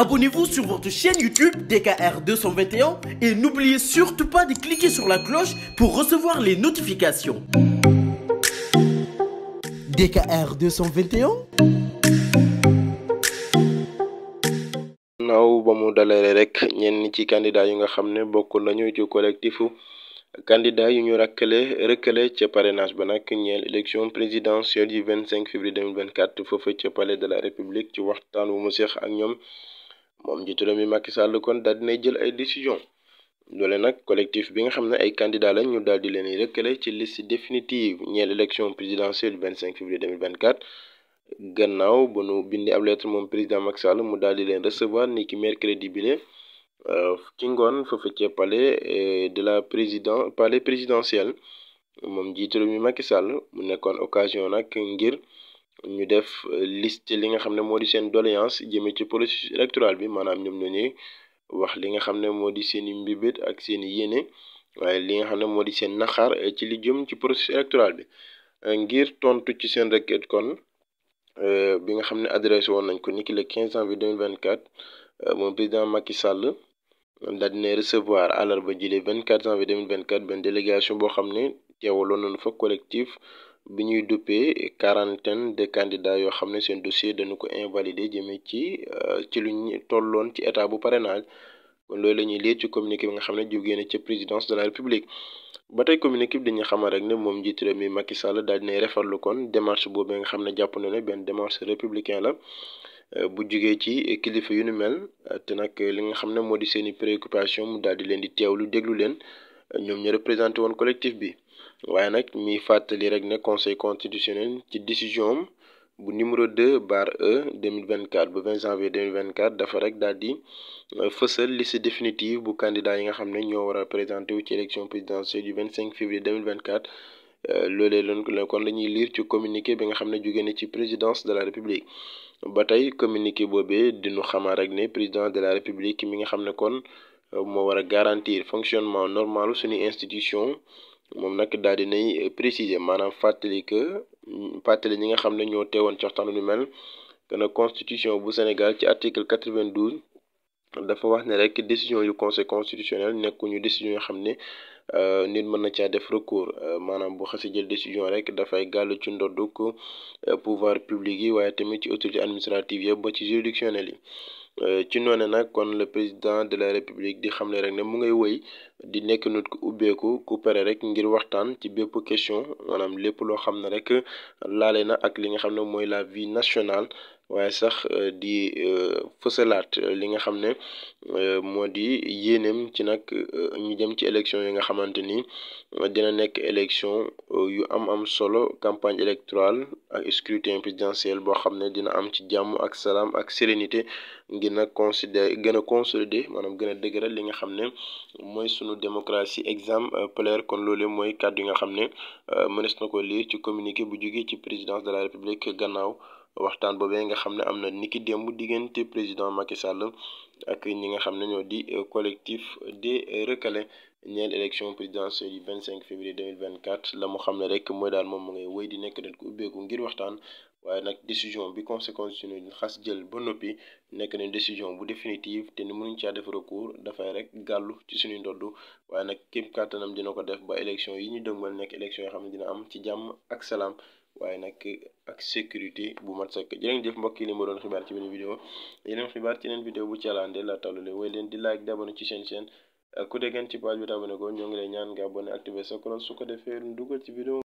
Abonnez-vous sur votre chaîne YouTube DKR 221 et n'oubliez surtout pas de cliquer sur la cloche pour recevoir les notifications. DKR 221. naaw ba mu dalalee rek ñenn ci candidat yi nga xam ne bokk nañu ci collectifu candidat yu ñu rakkale rëkkale ca parrainage ba nag ñeel élection présidentielle du 25 février 2024 foofu ca palais de la république ci waxtaan wu mu seex ak ñoom. moom njiitu réew mi Macky Sall kon daal dinay jël ay décision loole nag collectif bi nga xam ne ay candidat lañ ñu daal di leen rëkkale ci liste définitive ñeel élection présidentielle du 25 février 2024 gannaaw ba nu bindi ab lettre moom président Macky Sall mu dal di leen recevoir ni ki mercredi bile euh, ci ngoon foofu ci palais euh, de la président palais présidentiel moom njiitu réew mi Macky Sall mu nekkoon occasion nag ngir ñu def euh, liste li nga xam ne moo di seen doléance jëmme ci processus électoral bi maanaam ñoom ñoo wax li nga xam ne moo di seen i mbibét ak seen i yéene waaye li nga xam ne moo di seen naxaar euh, ci li jëm ci processus électoral bi euh, ngir tontu ci seen requête kon bi nga xam ne adressé woon nañ ko niki le 15 janvier 2024 moom président Macky Sall daal dina recevoir àllarba ji le 24 janvier 2024 benn délégation boo xam ne teewaloon nañu fa collectif. bi ñuy duppee quarantaine de candidats yoo xam ne seen dossier dañu ko invalidé jëmee ci euh, ci luñ tolloon ci état bu parrainage kon loolu la ñuy lire ci communiqué bi nga xam ne jógee na ca présidence de la république ba tey communiqué bi dañuy xamal rek ne moom njiit réew mi Macky Sall daal dinay refarlu kon démarche boobu nga xam ne jàpp na ne benn démarche républicain la euh, bu jógee ci kilifa yu nu mel te nag li nga xam ne moo di seen i préoccupation daal di leen di teewlu déglu leen ñoom ñu représenté woon collectif bi waaye nag miy fàttali rek ne conseil constitutionnel ci décision am bu numéro deux barre E 2024 bu 20 janvier 2024 dafa rek daal di euh, fësal liste définitive bu candidat yi nga xam ne ñoo war a présenté wu ci élection présidentielle du 25 février 2024. Euh, loolee lan kon la ñuy lire ci communiqué bi nga xam ne jóge na ci présidence de la république ba tey communiqué boobee dinu xamaa rek ne président de la république mi nga xam ne kon euh, moo war a garantir fonctionnement normal suñu institution. moom nag daal di nay préciser maanaam fàttali que fàttali ñi nga xam ne ñoo teewoon ci waxtaan lu mel que ne constitution bu Sénégal ci article 92 dafa wax ne rek décision yu conseil constitutionnel nekkuñu décision yoo xam ne euh, nit mën na caa def recours euh, maanaam bu xasee jël décision rek dafay gàll ci ndodduk euh, pouvoir public yi waaye tamit ci autorité administrative yëpp ba ci juridictionnel yi. Euh, ci noone nag kon le président de la république di xamle rek ne mu ngay woy di nekk nit ku ubbeeku ku pare rek ngir waxtaan ci bépp question maanaam lépp loo xam ne rek laale na ak li nga xam ne mooy la vie nationale waaye sax euh, di euh, fësalaat euh, li nga xam ne moo di yéeneem ci nag ñu jëm ci élection yi nga xamante ni dina nekk élection yu am am solo campagne électorale ak scrutin présidentiel boo xam ne dina am ci jàmm ak salaam ak sérénité ngir nag considérer gën a consolider maanaam gën a li nga xam ne mooy sunu démocratie exemplaire kon loolu mooy kàddu yi nga xam ne mënees na ko lire ci communiqué bu jógee ci présidence de la république gannaaw. waxtaan boobee nga xam ne am na niki démb diggante président Macky Sall ak ñi nga xam ne ñoo di collectif des recalés ñeel élection présidentielle yi 25 février 2024 la mu xam ne rek mooy daal moom mu ngay wéy di nekk dañ ko ubbeeku ngir waxtaan waaye nag décision bi conséquence yu ne xas jël ba noppi nekk na décision bu définitive te ni mënuñ caa def recours dafay rek gàllu ci suñuy ndodd waaye nag képp kàttanam dina ko def ba élection yi ñu dëgmal nekk élection yoo xam ne dina am ci jàmm ak salaam waaye nag ak sécurité bu mat sakk jërë ngeen jëf mbokk yi li ma doon xibaar ci benn vidéo yeneen xibaar ci yeneen vidéo bu caalande la tàllale way leen di laaj di ci seen chaîne ku déggan ci page bi te abonné ko ñoo ngi lay ñaan nga abonné activé sa cloche su ko defee dugal ci vidéo